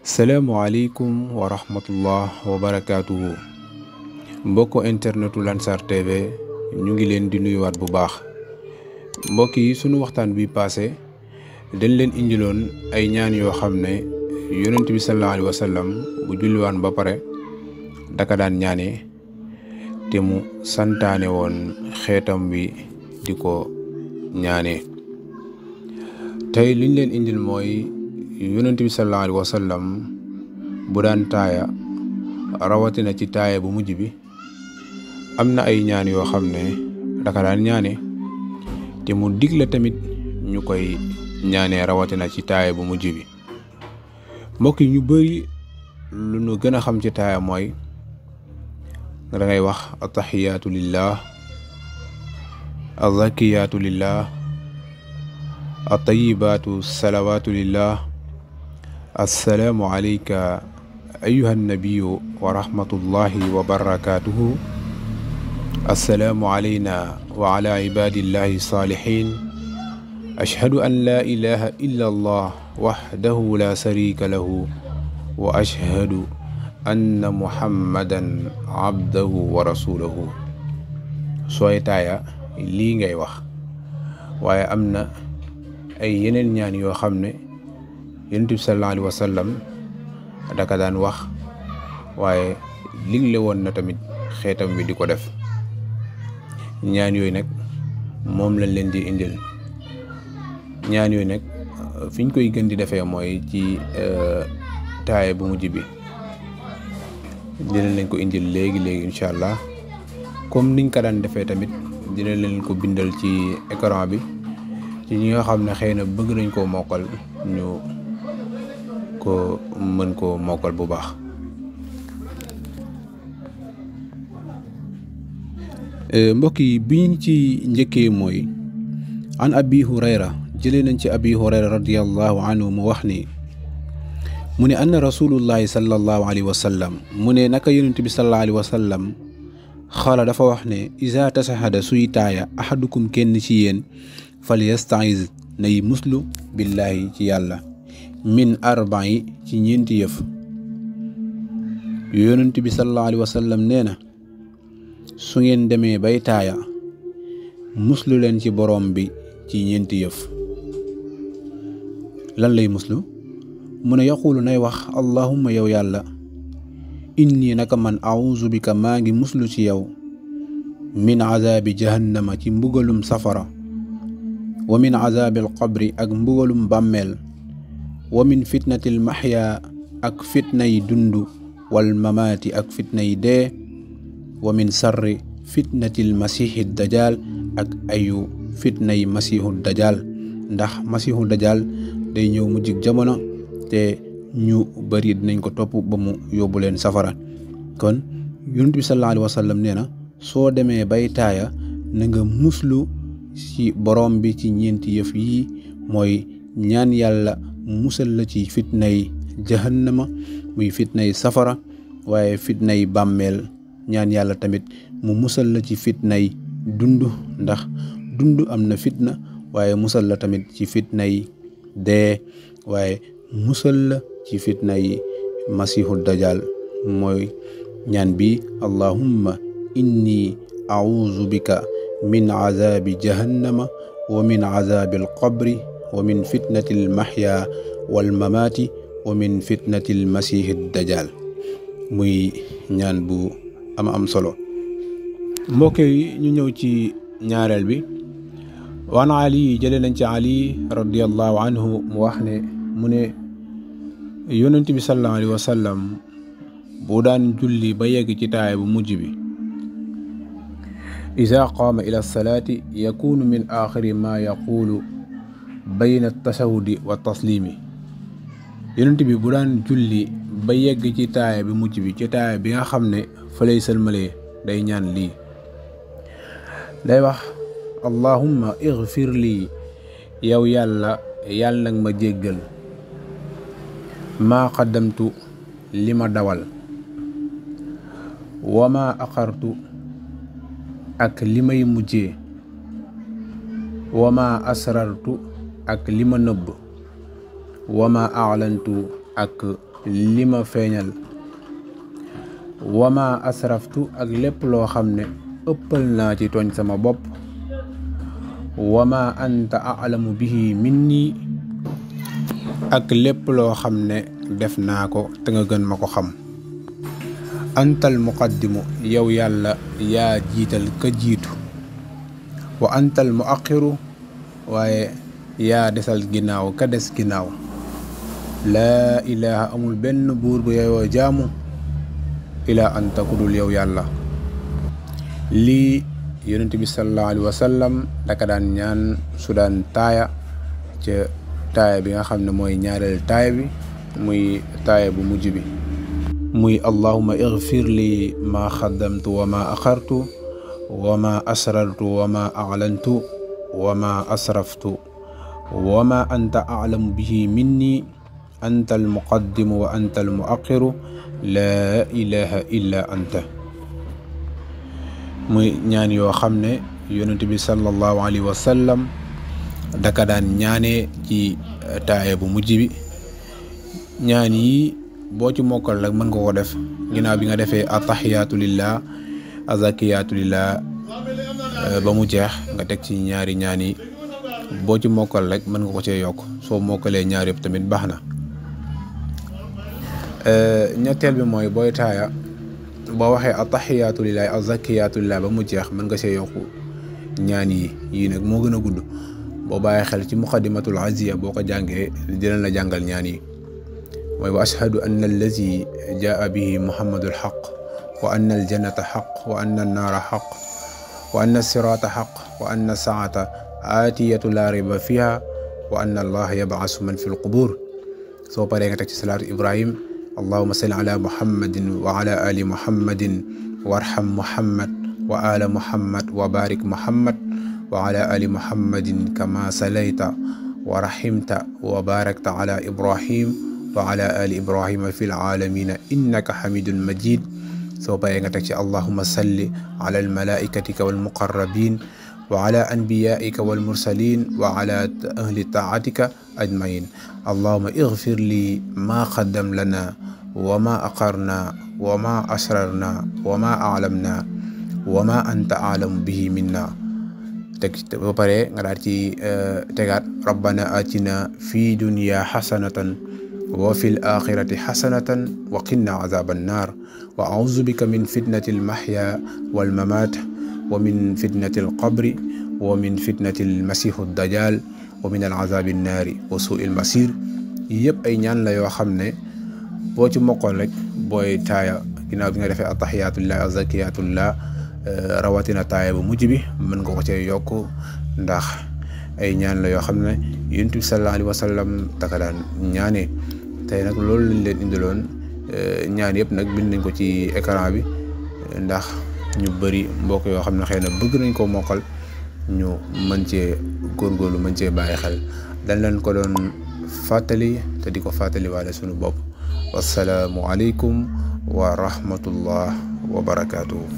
salaamualeykum wa rahmatullah wa mbokk internetu Lansar TV ñu ngi leen di nuyuwaat bu baax mbokk yi sunu waxtaan bi passé dañ leen indiloon ay ñaan yoo xam ne yonent bi sallallahu alayhi wa bu julliwaan ba pare daka daan ñaanee te mu santaane woon xeetam bi di ko ñaanee tey liñ leen indil mooy. yonent bi sallallahu alaihi wasallam sallam bu daan taaya rawatina ci taaya bu mujj bi amna ay ñaan yo xamne da ka daan ñaane te mu digle tamit ñukoy ñaané rawati na ci taaya bu mujj bi mbokk yi ñu bëri lu nu gëna xam ci taaya moy da ngay wax at-tahiyatu lillah azakiyaatu lillah الطيبات الصلوات لله السلام عليك أيها النبي ورحمة الله وبركاته السلام علينا وعلى عباد الله الصالحين أشهد أن لا إله إلا الله وحده لا شريك له وأشهد أن محمدا عبده ورسوله سويتايا taaya lii ngay wax waaye am na ay yeneen ñaan yonent bi sallallahu alayhi wa sallam daka daan wax waaye ligle woon na tamit xeetam bi di ko def ñaan yooyu nag moom lañ leen di indil ñaan yooyu nag fi ñu koy gën di defee mooy ci euh, taaye bu mujj bi dina leen ko indil léegi léegi incha allah comme niñ ko daan defee tamit dina leen ko bindal ci écran bi ci ñi nga xam ne xëy na bëgg nañ koo mokkal ñu. ko mën koo mokkal bu baax mbokk yi bi ci njëkkee mooy an abi hurayra jëlee nañ ci abi hurayra radiallahu anhu mu wax ni mu ne anna rasulullahi sallallahu alayhi wa sallam mu ne naka yonent bi sallallahu alayhi wa xala dafa wax ne isa tasahada suy taaya ahadukum kenn ci yéen fal yastaiz nay muslu billaahi ci yàlla من أربع تنين تيف يونن تبي صلى الله عليه وسلم نينا سنين دمي بيتايا مسلولين تي بروم بي تنين تيف لن لي مسلو من يقول نيوخ اللهم يو يالا إني نك من أعوذ بك ماجي مسلو تيو من عذاب جهنم تي مبغلوم سفرة ومن عذاب القبر أك مبغلوم بامل wa min fitnatil maxya ak fitna yi dund wal mamaati ak fitna yi dee wa sarri fitnatil masiixi dajaal ak ayu fitna yi masiixu dajaal ndax masiixu dajaal day ñëw mu jig jamono te ñu bari dinañ ko topp ba mu yóbbu leen safara kon yonent bi sallallahu alayhi wa sallam nee na soo demee bay taaya na nga muslu ci borom bi ci ñeenti yëf yi mooy ñaan yàlla musal la ci fitnay jahannama muy fitnay safara waye fitnay bammel ñaan yàlla tamit mu musal la ci fitnay dundu ndax dundu amna fitna waye musal la tamit ci fitnay de waye musal la ci fitnay masihul dajjal moy ñaan bi allahumma inni a'udhu bika min azabi jahannama ومن عذاب القبر ومن فتنة المحيا والممات ومن فتنة المسيح الدجال مي نان بو أم أم صلو موكي نيو تي نيار البي وانا علي جلل انت علي رضي الله عنه موحن مني يونت بي صلى الله عليه وسلم بودان جولي بايك تي تايب إذا قام إلى الصلاة يكون من آخر ما يقول bayna tasawudi wa taslimi yonent bi bu daan julli ba yegg ci taaya bi mucc bi ci taaya bi nga xam ne fa lay sëlmalee day ñaan lii day wax allahumma igfir lii yow yàlla yàlla nag ma jéggal maa qaddamtu li ma dawal wa ma aqartu ak li may mujjee wa ma asrartu ak lima neub wama a'lantu ak lima feñal wama asraftu ak lépp lo xamne ëppal na ci togn sama bop wama anta a'lamu bihi minni ak lépp lo xamne def nako te nga gën mako xam antal muqaddimu yow yàlla yaa jiital ka jiitu wa antal يا دسال جناو كدس جناو لا إله أمول بن بور بيا وجامو إلى أن تقول اليوم يا الله لي يونت بي صلى الله عليه وسلم دكادان نيان سودان تايا تي تايا بيغا خامن موي نيارل تايا بي موي تايا بو موجي بي موي اللهم اغفر لي ما خدمت وما اخرت وما اسررت وما اعلنت وما اسرفت وما أنت أعلم به مني أنت المقدم وأنت المؤخر لا إله إلا أنت muy ñaan yoo xam ne yonent bi sallallahu alayhi wa sallam daka daan ñaanee ci taaye bu mujj bi ñaan yi boo ci mokkal rek mën nga ko def ginnaaw bi nga defee ataxiyaatu lillah azakiyaatu lillah ba mu jeex nga teg ci ñaari ñaan yi bo ci mokal rek man nga ko ci yok so mokale ñaar yeb tamit baxna euh ñettel bi moy boy taaya boo waxee ataxiyaatu lillaay azakiyaatu lillahi ba mu jeex man nga ci yok ñaan yi yii nag moo gën gudd bo baye xel ci muqaddimatul aziya boko jange jàngee dinañ la jàngal ñaan yi mooy wa ashhadu anna allazi jaa bihi muhammadul haqq wa anna al jannata haqq wa anna an nara haqq وأن siraata حق وأن الساعة آتية لا ريب فيها وأن الله يبعث من في القبور سو بارينغا صلاة إبراهيم اللهم صل على محمد وعلى آل محمد وارحم محمد وآل محمد وبارك محمد وعلى آل محمد كما صليت ورحمت وباركت على إبراهيم وعلى آل إبراهيم في العالمين إنك حميد مجيد سو بارينغا اللهم صل على الملائكة والمقربين وعلى أنبيائك والمرسلين وعلى أهل طاعتك أجمعين اللهم اغفر لي ما قدم لنا وما أقرنا وما أسررنا وما أعلمنا وما أنت أعلم به منا ربنا آتنا في دنيا حسنة وفي الآخرة حسنة وقنا عذاب النار وأعوذ بك من فتنة المحيا والممات ومن فتنة القبر ومن فتنة المسيح الدجال ومن العذاب النار وسوء المسير يب أي نيان لا يوخمني بو مقالك مقول تايا كنا بنا رفع التحيات الله الزكيات الله آه، رواتنا تايا بمجبه من قوة يوكو داخ أي نيان لا يوخمني ينتو صلى الله عليه وسلم تكالان نياني تايا نقول لول لين اندلون آه، نيان يب نقبل اكرابي داخ ñu bëri mbokk yoo xam ne xëy na bëgg nañ ko mokkal ñu mën góor góorgóorlu mën cee bàyyi xel dañ leen ko doon fàttali te di ko fàttali waale suñu bopp wasalaamualeykum wa rahmatullah wa barakaatu.